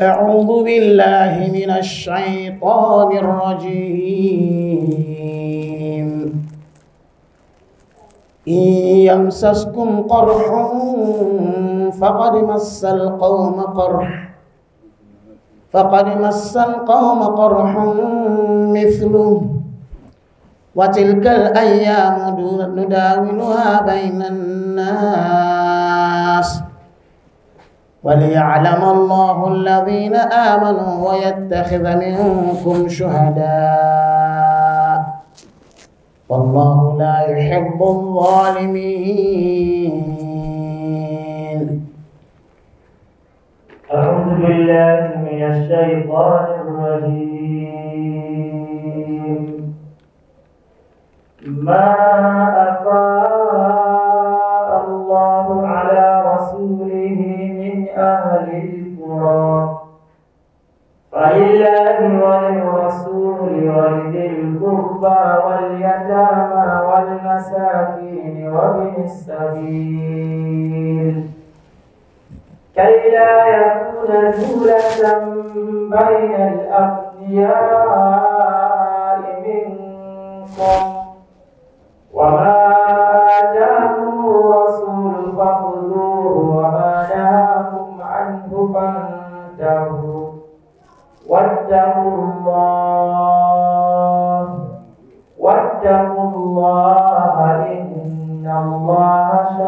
أعوذ بالله من الشيطان الرجيم إن يمسسكم قرح فقد مس القوم قرح فقد مس القوم قرح مثله وتلك الأيام نداولها بين الناس وليعلم الله الذين آمنوا ويتخذ منكم شهداء والله لا يحب الظالمين أعوذ بالله من الشيطان الرجيم ما أفاق ولله وللرسول ولذي القربى واليتامى والمساكين وابن السبيل كي لا يكون دولة بين الأغنياء منكم وما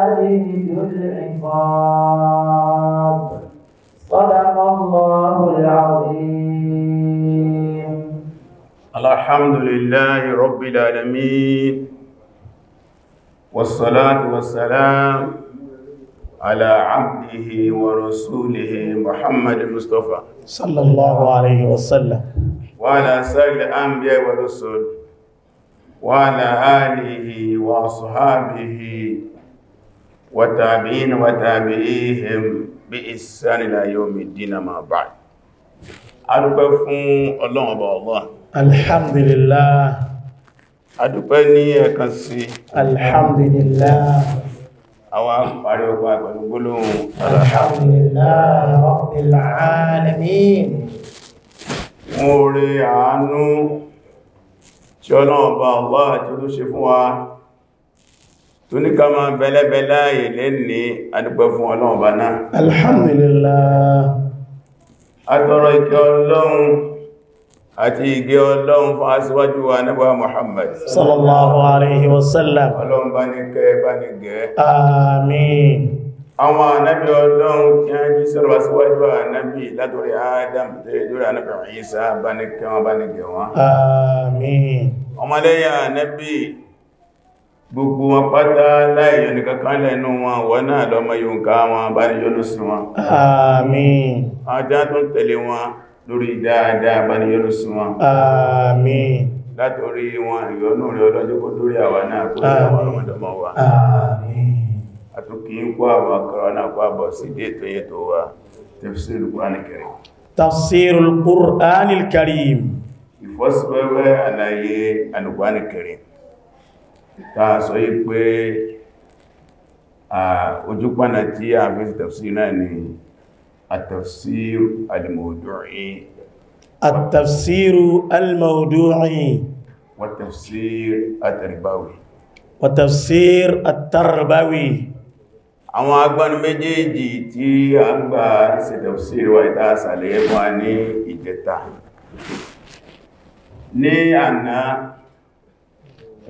عليه الإنفاق صدق الله العظيم الحمد لله رب العالمين والصلاة والسلام على عبده ورسوله محمد المصطفى صلى الله عليه وسلم وعلى سائر الأنبياء والرسل وعلى آله وأصحابه والتابعين وتابعيهم بإحسان إلى يوم الدين ما بعد adúpẹ́ fún ọlọ́run ọba Allah alhamdulillah adúpẹ́ ní ẹ̀kan sí alhamdulillah àwa parí ọgbà pẹ̀lú gbólóhùn alhamdulillah rabbil alamin tó ní ká máa bẹ́lẹ́bẹ́lá ilé ní adúpẹ́ fún ọlọ́run bá náà alhamdulillah atọ́rọ ìkẹ́ ọlọ́run àti ìgẹ́ ọlọ́run fún aṣíwájú wa nígbà Muhammad sallallahu alaihi wasallam ọlọ́run bá ní kẹ́ bá ní gẹ́ àmín àwọn ànábì ọlọ́run tí a jí sọ́rọ̀ aṣíwájú ànábì látorí Adam tó gbogbo wọn pátá láì yọ nìkan kan lẹ́nu wọn wọ́n náà lọ́mọ yóǹká wọn bá ní yọ́nú sí wọn àmín ajá tó tẹ̀lé wọn lórí dáadáa bá ní yọ́nú sí wọn àmín látorí wọn ìyọ́nú rẹ̀ ọlọ́jọ́ kó lórí àwa náà kó lórí àwọn ọmọdọ́mọ wa àmín àtúnkì ń náà kó àbọ̀ sí dé wa tafsirul Qur'anil Karim tafsirul Qur'anil Karim ìfọ́síwẹ́wẹ́ àlàyé Al-Qur'anil Karim tàà sọ yí pé ojúpánà tí a fi tafsir náà ni at-tafsir al-mawdu'i at-tafsir al-mawdu'i wa tafsir àwọn agbánu méjèèjì tí a ń gbà ṣe tafsir ìta àsàlẹ̀ ẹ̀kọ́ ní ìjẹta ní àná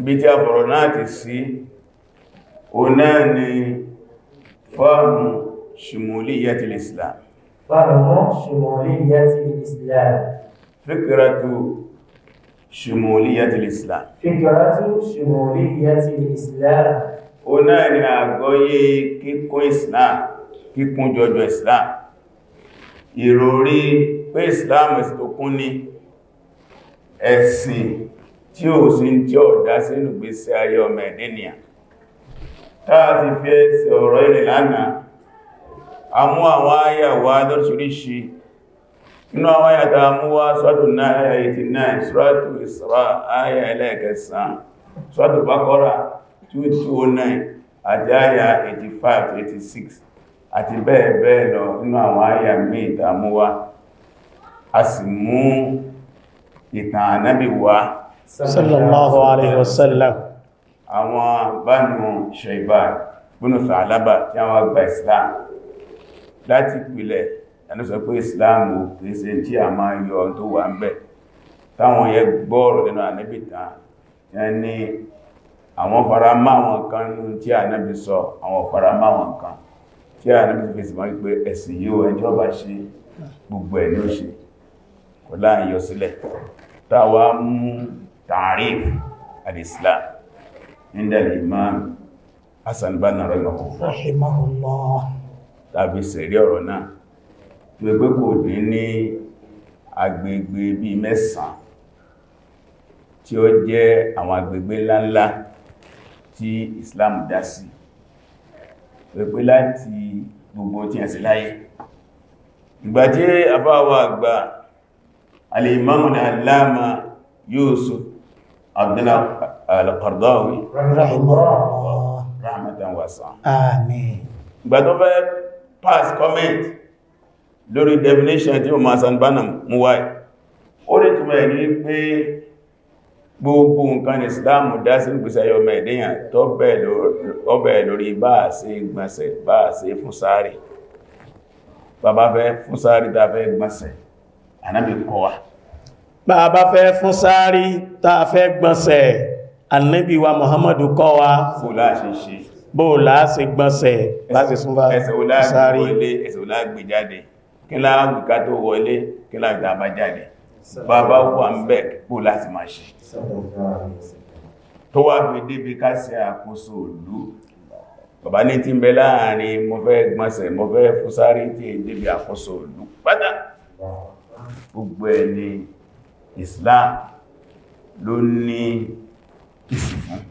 ibi tí a bọ̀rọ̀ náà ti sí o náà ni fáàmù ṣùmòlì yàtìl islam fáàmù ṣùmòlì yàtìl islam fíkìrátù ṣùmòlì yàtìl islam fíkìrátù ṣùmòlì yàtìl islam o náà ni àgbọ́yé kíkún islam kíkún jọjọ islam ìròrí pé islam ẹ̀sìn tó kún ní ẹ̀sìn tí ó sì ń jẹ́ ọ̀dá sínú gbésí ayé ọmọ ẹ̀dẹ́nìyà táà ti fi ẹsẹ̀ ọ̀rọ̀ ilẹ̀ lánàá a mú àwọn ayà wá lọ́ṣìíríṣìí inú àwọn ayà tàà mú wá sọ́dún náà ayà 89 sọ́dún Isra ayà ẹlẹ́ẹ̀kẹsàn sọ́dún Baqara 209 àti ayà 85-86 àti bẹ́ẹ̀ bẹ́ẹ̀ lọ inú àwọn ayà míì tàà a sì mú ìtàn ànábì wá sallallahu alaihi wasallam àwọn bánu ṣẹ̀bá gbónú sàálábà tí àwọn àgbà islam láti pìlẹ̀ ẹni sọ pé islam ò pèsè tí a máa yọ tó wà ń bẹ̀ táwọn yẹ gbọ́ọ̀rọ̀ lẹ́nu ànẹ́bìtàn ẹni àwọn fara máwọn kan tí ànẹ́bì sọ àwọn fara máwọn kan tí ànẹ́bì fèsì máa pé ẹ̀sìn yíò ẹjọ́ bá ṣe gbogbo ẹ̀ ní ó kò láàyọ sílẹ̀ táwa mú تعريف الإسلام عند الإمام Hassan Banna rahimahullah tàbí sẹ̀rí ọ̀rọ̀ náà tí ó gbé kò ní ní agbègbè bí mẹ́sàn tí ó jẹ́ àwọn agbègbè ńláńlá tí Islam dá sí pẹ̀pẹ́ láti gbogbo tí ẹ̀sẹ̀ láyé ìgbàjẹ́ àbáwà àgbà al-Imam al-Allama Yusuf عبدنا القرضاوي رحمه الله رحمة واسعة آمين ìgbà tó fẹ́ pass comment lórí definition tí o máa sanbánà mú wáyé ó lè túnmọ̀ ní pé gbogbo nǹkan ìsìláàmù dá sí ìgbésẹ̀ ọmọ ẹ̀dẹ́yàn tó bẹ̀ẹ̀ lórí bá a ṣe gbọ́nsẹ̀ bá a ṣe fún sáré bàbá fẹ́ fún sáré tá fẹ́ gbọ́nsẹ̀ bá a bá fẹ́ fún sáárí tá a fẹ́ gbọ̀nsẹ̀ Ànábì wa Muhammadu kọ́ wa bóòlá ṣe gbọ̀nsẹ̀ láti súnfà sáárí ẹsẹ̀ olágbè jáde kí láàgbì ká tó wọlé kí láàgbì àbá jáde bàbá wà ń bẹ̀ bó láti máa ṣe tó wà gbé débi ká sí àkóso òlú bàbá ní tí ń bẹ láàrin mo fẹ́ gbọ̀nsẹ̀ mo fẹ́ fún sáárí tí débi àkóso òlú pátá gbogbo ẹni Islam ló ní ìsìn fún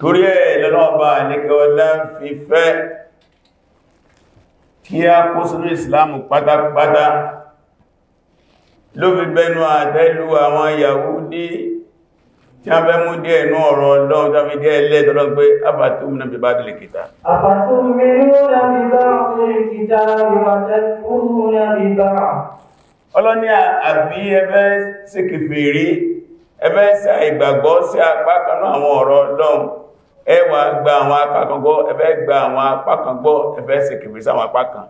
torí ẹ̀ lọ́lọ́ọ̀bá nìkẹ́ ọlá fi fẹ́ kí a kó sínú ìsìláàmù pátápátá ló fi bẹnu àtẹ́lú àwọn Yahudi tí a bẹ́ mú díẹ̀ ní ọ̀rọ̀ ọlọ́run tó fi díẹ̀ lẹ́ẹ̀dọ́lọ́ pé afàtún mìíràn bí bá dìlẹ̀ kìtà afàtún mìíràn bí bá dìlẹ̀ kìtà ọlọ́ni àbí ẹbẹ́ sí kèfèrí ẹbẹ́ sí ìgbàgbọ́ sí apákanú àwọn ọ̀rọ̀ ọlọ́run ẹwà gba àwọn apákangbọ́ ẹbẹ́ gba àwọn apákangbọ́ ẹbẹ́ sí kèfèrí sáwọn apákan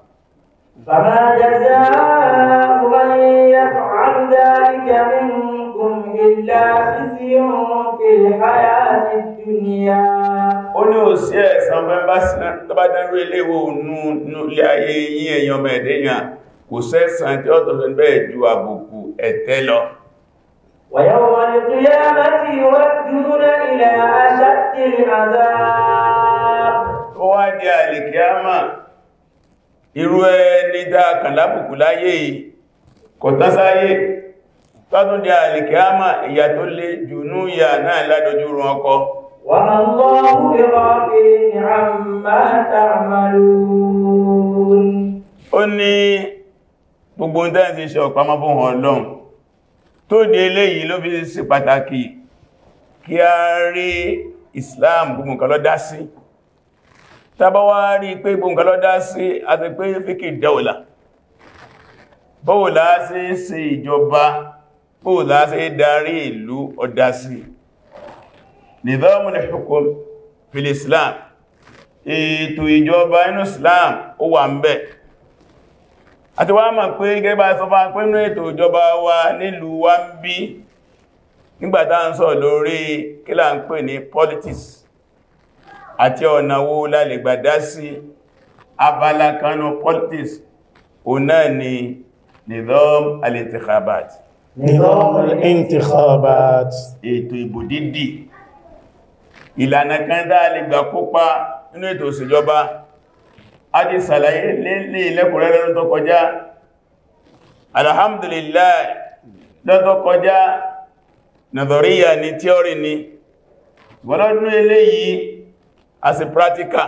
ó ní ò sí ẹ̀san bẹ́mbá sí tọ́bá dánrú ilé ìwò nú ilé ayé yí mẹ́ẹ̀dẹ́yàn kò sẹ́sàn tí ó tọ́sọ bẹ́ẹ̀ ju àbùkù ẹ̀tẹ́ lọ ويوم القيامة يردون إلى أشد العذاب wá di àlìkíyàmà irú ẹni dákan lábùkù láyé yìí kò tán sáyé tọ́tún di àlìkíyàmà ìyà tó lè jùnú ìyà náà ládójú rún ọkọ wa Allahu bi ghafilin amma ta'malun ó ní gbogbo ń tẹ́ẹ̀ ti ṣe ọ̀pamọ́ fún ọlọ́run tó di eléyìí ló fi ṣe pàtàkì kí a rí Islam gbogbo nǹkan ló dá sí tàbáwá rí pé gbogbo nǹkan ló dá sí àti pé fíkì dáwòlà bóòlá sí sí ìjọba bóòlá sí darí ìlú ọ̀dá sí nizamul hukm fil Islam ètò ìjọba inú Islam ó wà ń bẹ́ẹ̀ àti wá mọ̀ pé gẹ́gbà sọfá pínú ètò ìjọba wa nílùú wa ń bí nígbàtá ń sọ lórí kí ń pè ní politics àti ọ̀nà wo la lè gbà dá sí abala kanú politics o náà ni nizam al-intikhabat nizam al ètò ìbò dídì ìlànà kan lè gbà kópa nínú ètò ìṣèjọba a ti sàlàyé nílé ilẹ́kùnrẹ́ lọ́dún tó kọjá alhamdulillah lọ́dún tó kọjá nàdọ̀ríyà ni tíọ́rì ni wọ́lọ́dún eléyìí a sì prátíkà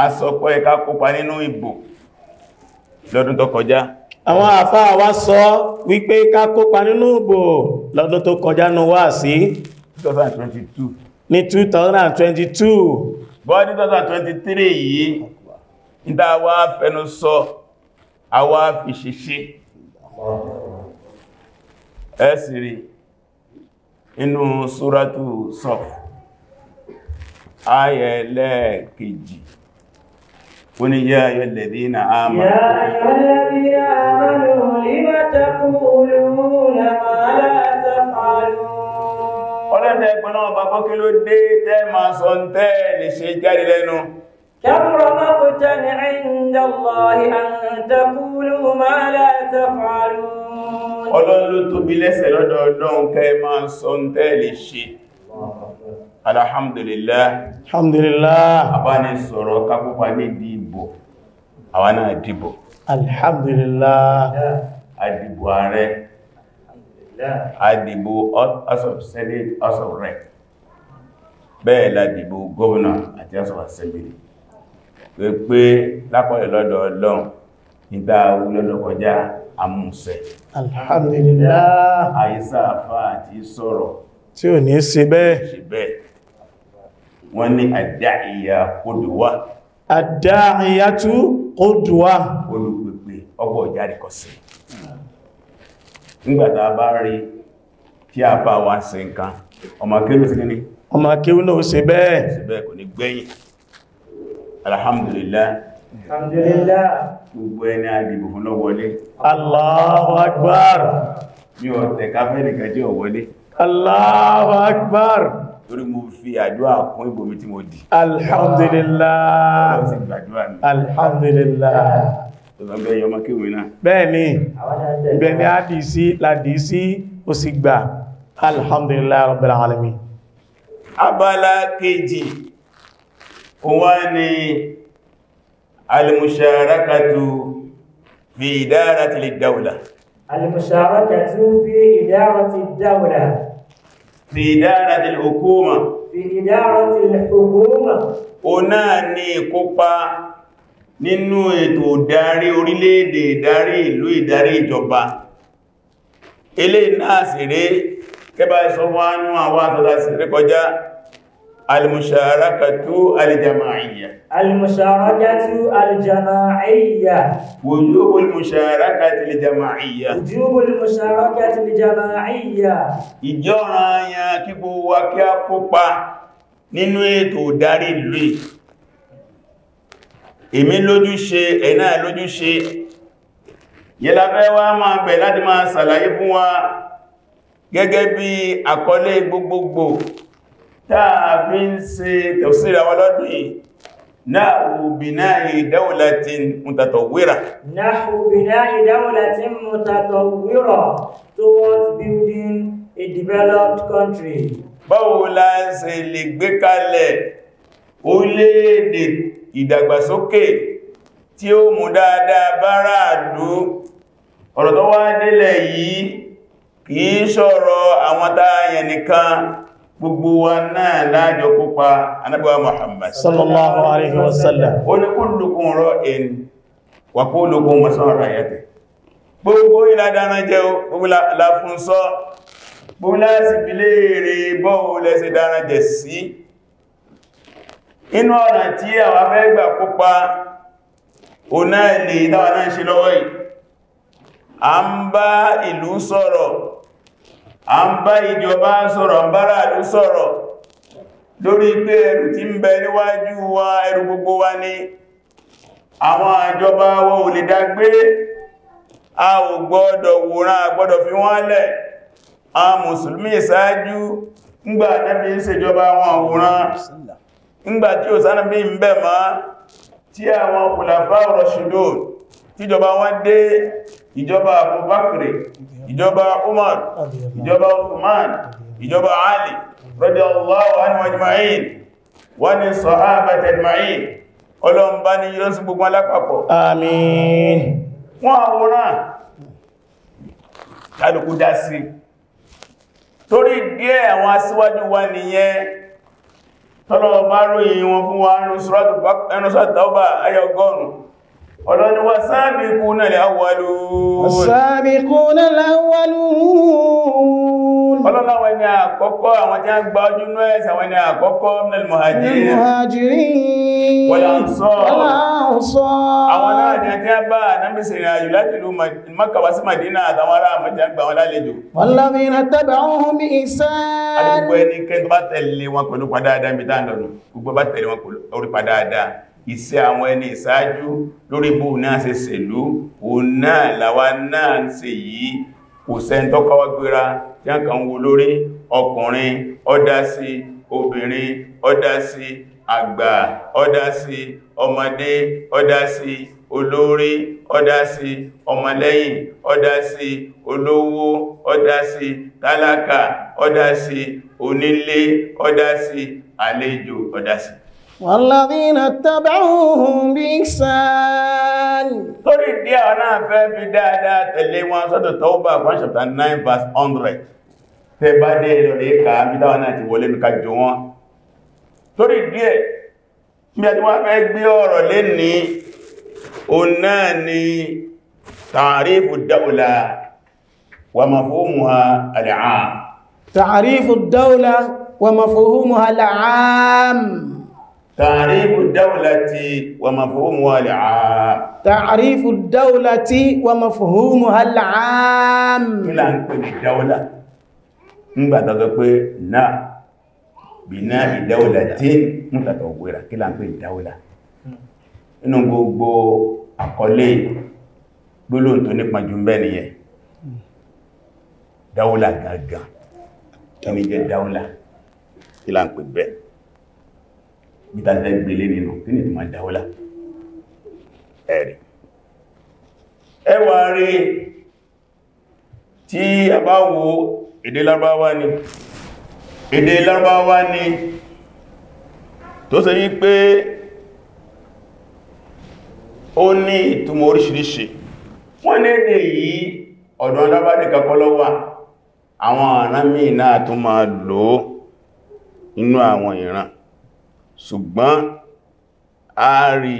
a sọpọ̀ ẹ̀ká kópa nínú ìbò lọ́dún tó kọjá àwọn àfáà wa sọ wípé ká kópa nínú ìbò lọ́dún tó kọjá nù wá sí 2022 ní 2022 bọ́ ní 2023 yìí ìdá wa fẹnu sọ àwa fi ṣiṣẹ́ ẹ̀sìrì inú súratù sọf ayẹ̀lẹ́kejì fún ní yá ayọ̀ lẹ̀dí na ámà yá ayọ̀ lẹ̀dí àmàlò lè bá takú olóòrùn ẹgbọ́n náà bá bọ́ kí ló dé tẹ́ ma sọ الله أن ما لا تفعلون Ọlọ́run ló tóbi lẹ́sẹ̀ lọ́dọ̀ Ọlọ́run kẹ́ máa sọ ń tẹ́ lè ṣe. Alhamdulillah. Alhamdulillah. Àbáni sọ̀rọ̀ kápúpa ní ìdìbò, àwa náà dìbò. Alhamdulillah. Àdìbò ààrẹ àdìbò house of senate house of rep bẹ́ẹ̀ ládìbò gómìnà àti house of assembly pé pé lápọ̀lẹ̀ lọ́dọ̀ ọlọ́run nígbà wúlọ́dọ̀ kọjá amúnsẹ̀ alhamdulillah àyíṣà àfá àti sọ̀rọ̀ tí ò ní ṣe bẹ́ẹ̀ wọ́n ní àdáìyà kódùwá àdáìyà tú kódùwá olùpẹ̀pẹ̀ ọgbọ̀ ìjárí kọsí nígbàtà bá rí tí a bá wá sí nǹkan ọmọ akéwò sí ní ọmọ akéwò náà ṣe bẹ́ẹ̀ ṣe bẹ́ẹ̀ kò ní gbẹ̀yìn alhamdulillah torí mo fi àdúrà kún ìbomi tí mo dì alhamdulillah alhamdulillah bẹ́ẹ̀ni ìbẹ̀ni àdìsí làdìsí ó sì gbà alhamdulillah rabbil alamin abala kejì wà ní alìmùsàrákàtù fi idarati lid-dawla alìmùsàrákàtù fi idarati lid-dawla fi idarati l-hukuma fi idarati náà ní kópa nínú ètò ìdarí orílẹ̀-èdè ìdarí ìlú ìdarí ìjọba eléyìí náà sì rí kẹba ìsọwọ́nú àwọn àtọ́lá sí rí kọjá alìmùsàrákàtú alìjàmáàíyà alìmùsàrákàtú alìjàmáàíyà wùjúbùl mùsàrákàtí alìjàmáàíyà wùjúbùl mùsàrákàtí alìjàmáàíyà ìjọ́ràn ayá kí gbogbo wa kí a kópa nínú ètò ìdarí ìlú èmi lójú ṣe ẹ̀nà lójú ṣe yẹlafẹ́ wá máa bẹ̀ láti máa sàlàyé fún wa gẹ́gẹ́ bí àkọlé gbogbogbò táà ń ṣe tẹ̀síra wa lọ́dún náà bìnáà náà bìnáà dáwòlátín mútàtọ̀wírà towards building a developed country báwo la ṣe lè gbé kalẹ̀ orílẹ̀-èdè ìdàgbàsókè tí ó mú dáadáa bára àdó ọ̀rọ̀ tó wá délẹ̀ yìí kìí sọ̀rọ̀ àwọn tààyàn nìkan gbogbo wa náà láàjọ kópa anábíwá Muhammad sallallahu alaihi wasallam ó ní kullukum ra'in wa kullukum mas'ulun 'an ra'yatihi gbogbo ìlàdára jẹ́ gbogbo láfún sọ gbogbo lásìbílẹ̀ rẹ̀ inú ọ̀nà tí àwọn afẹ́ gbà kópa o náà lè náà ṣe lọ́wọ́ yìí a ń bá ìlú sọ̀rọ̀ a ń bá ìjọba sọ̀rọ̀ ń ìlú sọ̀rọ̀ lórí pé ẹrù ń wa ẹrù gbogbo wa ni àwọn àjọba wa ò a ò gbọ́dọ̀ wòrán fi wọ́n lẹ̀ a mùsùlùmí ìsáájú ń gbà tẹ́bí ìṣèjọba wọn wòrán ńgbà tí ò sánà bí ń bẹ̀ máa tí àwọn kùlàfà rọ̀ṣùdó tíjọba wọ́n dé ìjọba abubakri ìjọba umar ìjọba uthman ìjọba ali radiyallahu anhu ajma'in wọ́n ni sahabata ajma'in ọlọ́mbá ní yíó sí gbogbo alápapọ̀ àmín wọ́n àwòrán kálùkù dá sí torí díẹ̀ àwọn aṣíwájú wa tọ́lọ bá ròyìn wọn fún wa ẹnu sọ́tọ́bà ayọgọ́rùn ọlọ́ni wa sáàbìkú náà lè awwalun ọlọ́láwọn ẹni àkọ́kọ́ àwọn tí a gba ojú inú ẹ̀sẹ̀ àwọn ẹni àkọ́kọ́ minal muhajirin wal ansar àwọn náà ni a tí a bá náàbìsì ìrìn àjò láti ìlú Mákà wá sí Mádínà àtàwọn ará àmàjá gbà wọn lálejò walladhina taba'uhum bi ihsan àdúgbò ẹni kẹ́ tó bá tẹ̀lé wọn pẹ̀lú padàdà mìta àdọ̀nù gbogbo bá tẹ̀lé wọn pẹ̀lú orí padàdà tí a kàn wo lórí ọkùnrin ọdá sí obìnrin ọdá sí àgbà ọdá ọmọdé ọdá olórí ọdá ọmọlẹ́yìn ọdá olówó ọdá tálákà ọdá onílé ọdá àlejò ọdá wàlàdínà tàbáhùn bí sáàlì lórí díẹ̀ ọ̀nà fẹ́ fi dáadáa tẹ̀lé wọn sọ́dọ̀ Tawbah 1 verse 100 tẹ bá dé ẹ̀rọ rẹ̀ ká bí dáwọn náà ti wọlé nìka jọ wọn torí díẹ̀ bí a ti wá fẹ́ gbé ọ̀rọ̀ lé ní o náà ni tààrífù dáúlà wà mafhumuha al-aam tààrífù dáúlà wà mafhumuha al-aam tààrífù tààrífù dáúlà ti wà mafhumuha al-aam kí ńgbàtà sọ pé náà bí náà ìdáwòlà tí mútàtà ògbèrà kí láàpé ìdáwòlà inú gbogbo àkọlé gbólóhùn tó nípa jù mẹ́ nìyẹn dáwòlà gangan tàbí jẹ́ dáwòlà kí láàpé bẹ́ bítàtà gbélé nínú kí ní ìtumà dáwòlà ẹ̀rì ẹwà rí tí a bá wo èdè lárúbáwá ni èdè lárúbáwá ni tó ṣe yí pé ó ní ìtumọ̀ oríṣiríṣi wọ́n ní èdè yìí ọ̀dọ̀ alábádé kakọlọ́wà àwọn àrán míì náà tó máa lò inú àwọn ìran ṣùgbọ́n a rí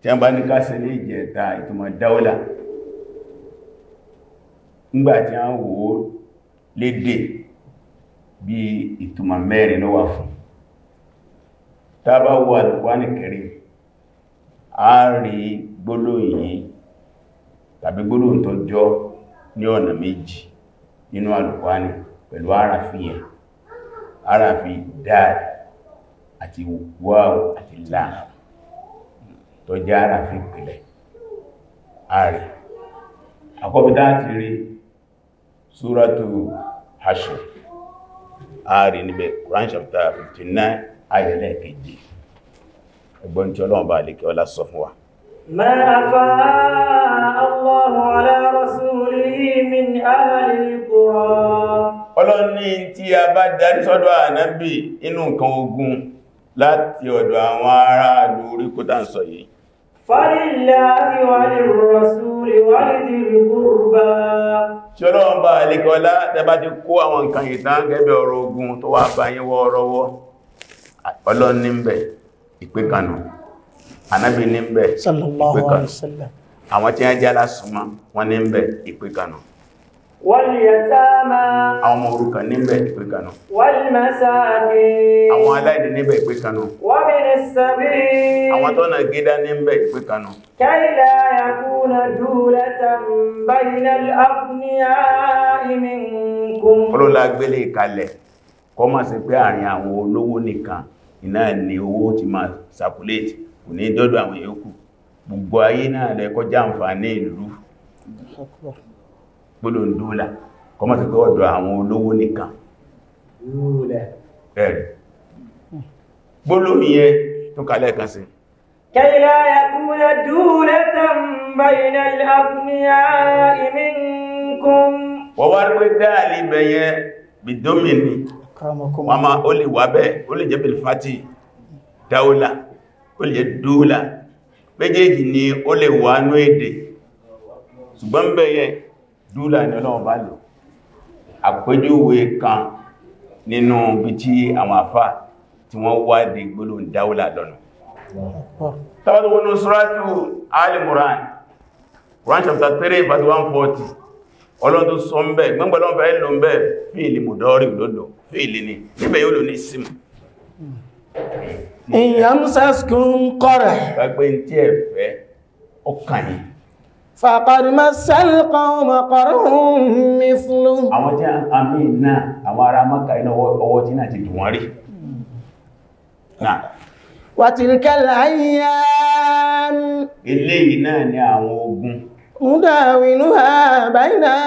tí a bá ní ká ní ìjẹta ìtumọ̀ dáwọ́lá nígbàtí a ń lédè bí ìtumọ̀ mẹ́rin ló wà fún tábá wà wà ní kẹrì a rí gbólóyìn tàbí gbólóhùn tó jọ ní ọ̀nà méjì nínú alùkwáni pẹ̀lú aráfíyàn aráfí dáa àti wáwọ̀ àti láà tó jẹ́ aráfí pìlẹ̀ ààrẹ àkọ́bí dáa rí súratù hashim ààrẹ níbẹ̀ Quran chapter 59 ayẹ̀lẹ́ kejì ẹgbọ́n tí ọlọ́run bá lè kí ọlá sọ fún wa ما أفاء الله على رسوله من ní tí a bá fàlìláàrí ṣọ́lọ́ọ̀bá alẹ́kọ́lá tẹbá ti kó àwọn nǹkan ìtàn gẹ́gẹ́ ọ̀rọ̀ ogun tó wà bá wọ́ ọ̀rọ̀wọ́ ọlọ́n níbẹ̀ ìpékanù Anabi níbẹ̀ ìpékanù àwọn tí a jẹ́ alásùnmọ́ wọn níbẹ̀ ìpékanù wàlìyàtàmà àwọn ọmọ òrukàn níbẹ̀ ìpé kanú wàlìmẹ́sàáàkì àwọn aláìní níbẹ̀ ìpé kanú wàbìnì sàbí àwọn tọ́nà gídá níbẹ̀ ìpé kanú kẹ́ìlá yakúnà dúrẹ́ta báyìnà àpùnìyà ìmìnkún olóla gbélé ìkalẹ̀ kọ́ máa ṣe pé àárín àwọn olówó nìkan iná ni owó ti máa sàkúlẹ̀tì kò ní dọ́dọ̀ àwọn yòókù gbogbo ayé náà lẹ́kọjá àǹfààní ìlú gbólóhùn dúlà kọmọ̀ sí pé ọ̀dọ̀ àwọn olówó nìkan ẹ̀rì gbólóhùn yẹn tó kàlẹ̀ kan sí kay la yakuna dulatan bayna al-aghniya'i minkum wọ́n wá rí dáàlì bẹ̀yẹ bìdómìnì wọ́n máa ó lè wà bẹ́ẹ̀ ó ni ó lè wà ní èdè ṣùgbọ́n bẹ̀yẹ dúlà ní ọlọ́run bá lò àpéjúwe kan nínú bí tí àwọn àfá tí wọ́n wádìí gbólóhùn dáúlà lọ́nà tàbí wọnú suratu Al-Imran Quran chapter 3 verse 140 ọlọ́run tó sọ ń bẹ́ ni níbẹ̀ yóò lò ní símù ìyàmsáskún kọ́rẹ̀ gbẹ́gbẹ́ tí ẹ̀fẹ́ ọkàn yìí fàkọ̀dì máa sẹ́lẹ̀kọ́ ọmọkọ̀rún mi fúnlú. àwọn tí a mí náà àwọn ará mọ́kà iná ọwọ́ tí náà ti dùn wọ́n rí wà tí ní kẹ́lá yíyá eléyìí náà ni àwọn ogun múdàwínú ha náà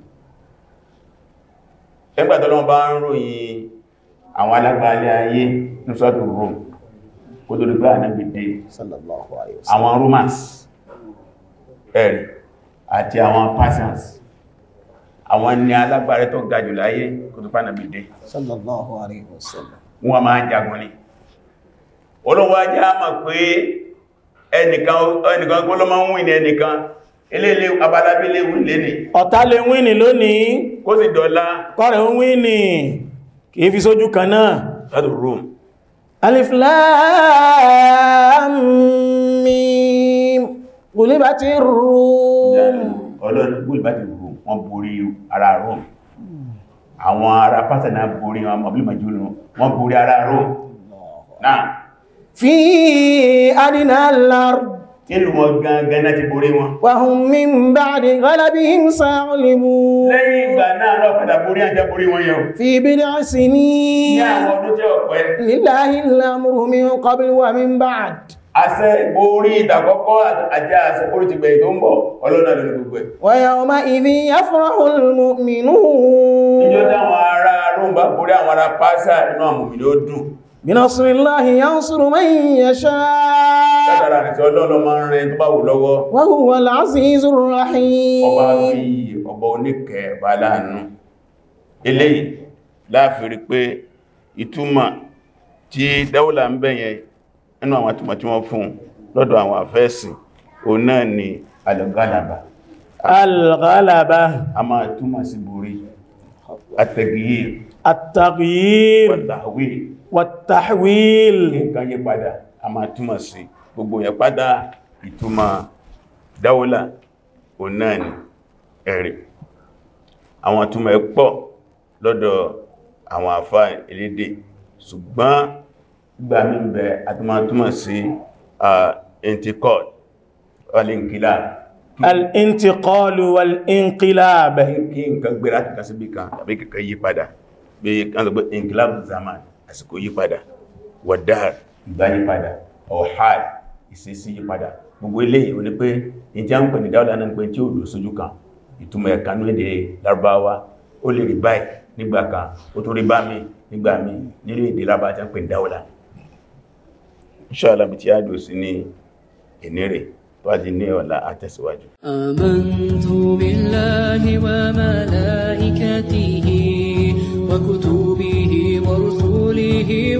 ṣẹ́gbàtọ́lọ́wọ́ bá ń ròyìn àwọn alágbàálẹ̀ ayé ní sọ́tù Rome kó tó dùgbà ànábìdé àwọn Romans ẹ̀rì àti àwọn Persians àwọn ni alágbàálẹ̀ tó ga jù láyé kó tó pànàbìdé wọ́n máa jagun ni olówó ajá mọ̀ pé ẹnìkan gbọ́lọ́mọ́ ń wìn ẹnìkan eléèlé abádábí léwu léni ọ̀tá lè wíni lónìí kó sì dọ̀lá kọ́rẹ̀ ń wíni kìí fi sójú kan náà látò rome alif lam mim gulibati rome ọlọ́rin gulibati rome wọ́n borí ara rome àwọn ará pátánà borí wọn mọ̀bílì màjúlù wọ́n borí ara rome náà fi adínà lárùn nínú wọn gangan láti borí wọn. wàhùn min ba'di ghalabihim sa'libu. lẹ́yìn ìgbà náà lọ padà borí àjá borí wọn yẹn. fi bid'a sinin. ní àwọn ọdún jẹ́ ọ̀pẹ́. lillahi al-amru min qabl wa min ba'd. àṣẹ borí ìdàkọ́kọ́ àjá àṣẹ orí ti gbẹ̀yìn bínásíríláhì yá ń sùrù mẹ́yìn yẹṣá látara àti pé ìtumọ̀ tí dáúlà ń bẹ̀yẹ nínú àwọn àtùmọ̀ tí wọ́n fún lọ́dọ̀ àwọn àfẹ́ẹ̀sì o náà ni algalaba algalaba a máa túmọ̀ sí borí àtàgìyí àtàgìyí wàtàwíl nǹkan yí padà a máa túmọ̀ sí gbogbo yẹ padà ìtumọ̀ dáwọ́lá onáni ẹ̀rẹ̀ àwọn túmọ̀ ẹ̀pọ̀ lọ́dọ̀ àwọn àfá elédè ṣùgbọ́n gbà mí bẹ àtúmọ̀ sí intikọ́d wàlínkìlá al-intiqalu wal kí nǹkan gbé láti kan sí bí kan tàbí kíkà yí padà bí kan tó gbé inqilab àsìkò yípadà wàdáà ìgbà yípadà ọ̀háì ìṣesí yípadà gbogbo eléyìí ó ní pé ní tí a ń pè ní dáwọ́dá náà pé tí ó lò sójú kan ìtumọ̀ ẹ̀kanú èdè lárúbáwá ó lè rí báyìí nígbà kan ó tó rí bá mi nígbà mi nínú èdè lábá tí a ń pè ní dáwọ́dá inshallah bí tí a dò sí ní ìnírè tó wá di ní ọ̀la àtẹ̀síwájú. amantu billahi wa malaikatihi